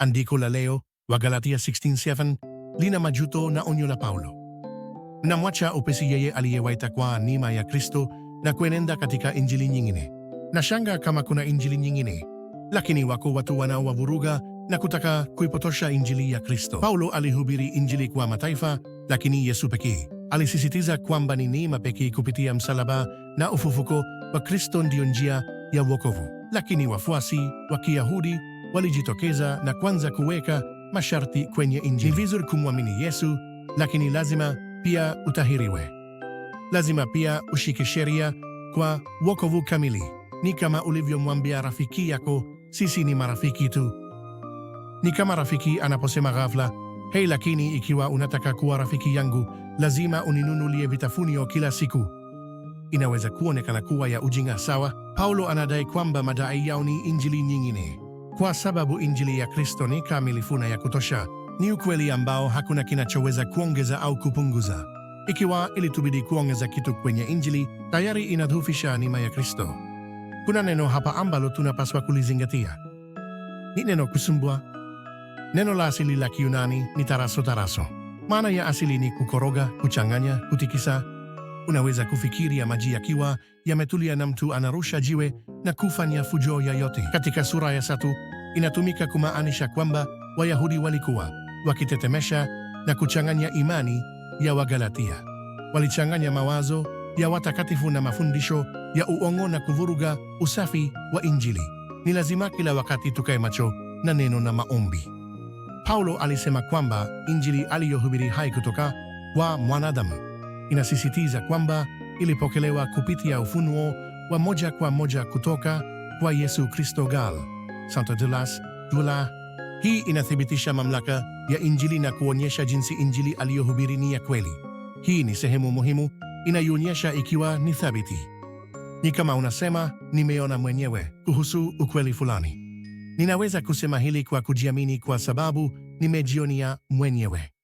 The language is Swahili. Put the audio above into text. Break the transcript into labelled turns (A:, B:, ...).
A: Andiko la leo Wagalatia 16:7 lina majuto na onyo la Paulo. Namwacha upesi yeye aliyewa itakwa nima ya Kristo na kuenenda katika injili nyingine. na shanga kama kuna injili nyingine, lakini wako watu wavuruga na kutaka kuipotosha injili ya Kristo. Paulo alihubiri injili kwa mataifa, lakini Yesu pekee. Alisisitiza kwamba ni neema pekee kupitia msalaba na ufufuko wa Kristo ndiyo njia ya wokovu. Lakini wafuasi wa Kiyahudi walijitokeza na kwanza kuweka masharti kwenye Injili. Ni vizuri kumwamini Yesu, lakini lazima pia utahiriwe. Lazima pia ushike sheria kwa wokovu kamili. Ni kama ulivyomwambia rafiki yako, sisi ni marafiki tu. Ni kama rafiki anaposema ghafla, hei, lakini ikiwa unataka kuwa rafiki yangu, lazima uninunulie vitafunio kila siku. Inaweza kuonekana kuwa ya ujinga, sawa? Paulo anadai kwamba madai yao ni injili nyingine kwa sababu Injili ya Kristo ni kamilifu na ya kutosha. Ni ukweli ambao hakuna kinachoweza kuongeza au kupunguza. Ikiwa ilitubidi kuongeza kitu kwenye Injili, tayari inadhufisha neema ya Kristo. Kuna neno hapa ambalo tunapaswa kulizingatia, ni neno kusumbua. Neno la asili la Kiyunani ni taraso taraso. Maana ya asili ni kukoroga, kuchanganya, kutikisa. Unaweza kufikiria maji yakiwa yametulia na mtu anarusha jiwe na kufanya fujo yoyote. Katika sura ya satu inatumika kumaanisha kwamba Wayahudi walikuwa wakitetemesha na kuchanganya imani ya Wagalatia. Walichanganya mawazo ya watakatifu na mafundisho ya uongo na kuvuruga usafi wa Injili. Ni lazima kila wakati tukae macho na neno na maombi. Paulo alisema kwamba Injili aliyohubiri hai kutoka kwa mwanadamu. Inasisitiza kwamba ilipokelewa kupitia ufunuo wa moja kwa moja kutoka kwa Yesu Kristo gal Santo Dulas, Dula. Hii inathibitisha mamlaka ya Injili na kuonyesha jinsi Injili aliyohubiri ni ya kweli. Hii ni sehemu muhimu inayoonyesha ikiwa ni thabiti. Ni kama unasema, nimeona mwenyewe kuhusu ukweli fulani. Ninaweza kusema hili kwa kujiamini kwa sababu nimejionia mwenyewe.